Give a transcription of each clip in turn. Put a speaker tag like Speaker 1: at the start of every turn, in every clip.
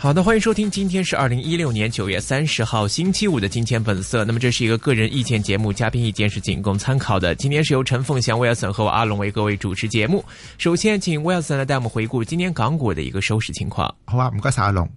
Speaker 1: 好的，歡迎收聽，今天是二零一六年九月三十號星期五的《金錢本色》。那麼這是一個個人意見節目，嘉賓意見是僅供參考的。今天是由陳鳳祥、Wilson 和我阿龍為各位主持節目。首先，請 Wilson 來帶我們回顧今天港股的一個收市
Speaker 2: 情況。好啊，唔該晒阿龍。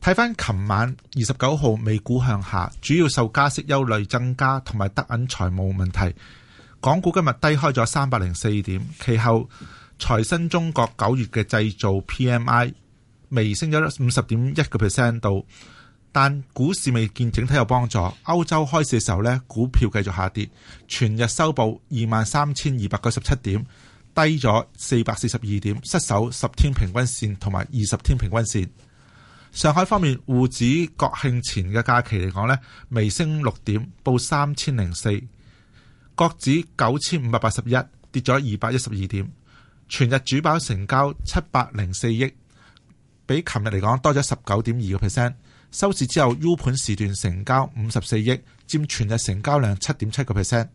Speaker 2: 睇翻琴晚二十九號美股向下，主要受加息憂慮增加同埋德銀財務問題。港股今日低開咗三百零四點，其後財新中國九月嘅製造 PMI。微升咗五十點一個 percent 度，但股市未見整體有幫助。歐洲開市嘅時候呢，股票繼續下跌，全日收報二萬三千二百九十七點，低咗四百四十二點，失守十天平均線同埋二十天平均線。上海方面，滬指國慶前嘅假期嚟講呢，微升六點，報三千零四；各指九千五百八十一，跌咗二百一十二點，全日主板成交七百零四億。比琴日嚟講多咗十九點二個 percent，收市之後 U 盤時段成交五十四億，佔全日成交量七點七個 percent。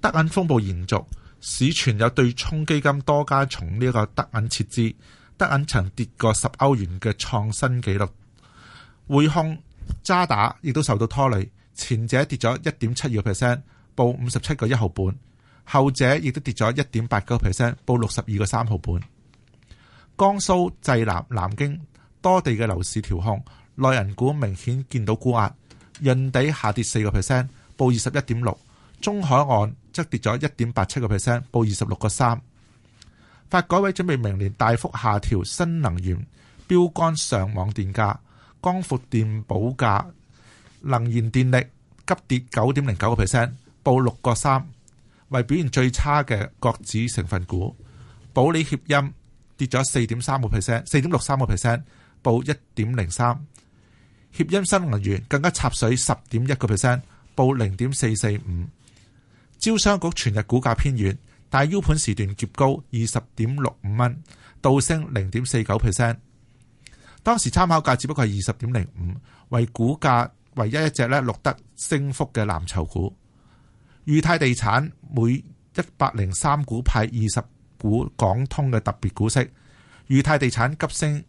Speaker 2: 德銀風暴延續，市存有對沖基金多家從呢一個德銀撤資，德銀曾跌過十歐元嘅創新紀錄。匯控渣打亦都受到拖累，前者跌咗一點七二個 percent，報五十七個一毫半；後者亦都跌咗一點八九個 percent，報六十二個三毫半。江蘇、濟南、南京多地嘅樓市調控，內銀股明顯見到股壓，潤地下跌四個 percent，報二十一點六；中海岸則跌咗一點八七個 percent，報二十六個三。發改委準備明年大幅下調新能源標杆上網電價，光伏電保價能源電力急跌九點零九個 percent，報六個三，為表現最差嘅國指成分股。保利協鑫。跌咗四點三個 percent，四點六三個 percent，報一點零三。協鑫新能源更加插水十點一個 percent，報零點四四五。招商局全日股價偏軟，大 U 盤時段接高二十點六五蚊，倒升零點四九 percent。當時參考價只不過係二十點零五，為股價唯一一隻咧錄得升幅嘅藍籌股。裕泰地產每一百零三股派二十，股港通嘅特別股息，裕泰地產急升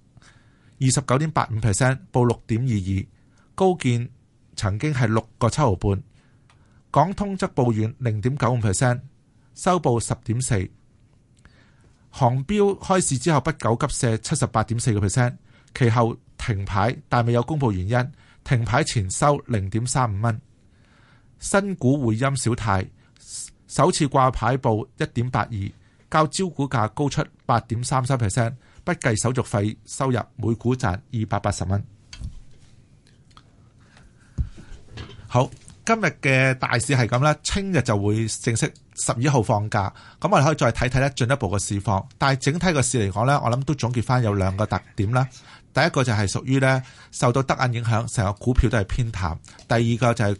Speaker 2: 二十九點八五 percent，報六點二二，高見曾經係六個七毫半。港通則報遠零點九五 percent，收報十點四。航標開市之後不久急瀉七十八點四個 percent，其後停牌，但未有公布原因。停牌前收零點三五蚊。新股匯陰小泰首次掛牌報一點八二。較招股價高出八點三三 percent，不計手續費，收入每股賺二百八十蚊。好，今日嘅大市係咁啦，聽日就會正式十一號放假，咁我哋可以再睇睇咧，進一步嘅市況。但係整體個市嚟講咧，我諗都總結翻有兩個特點啦。第一個就係屬於咧受到德銀影響，成個股票都係偏淡。第二個就係、是。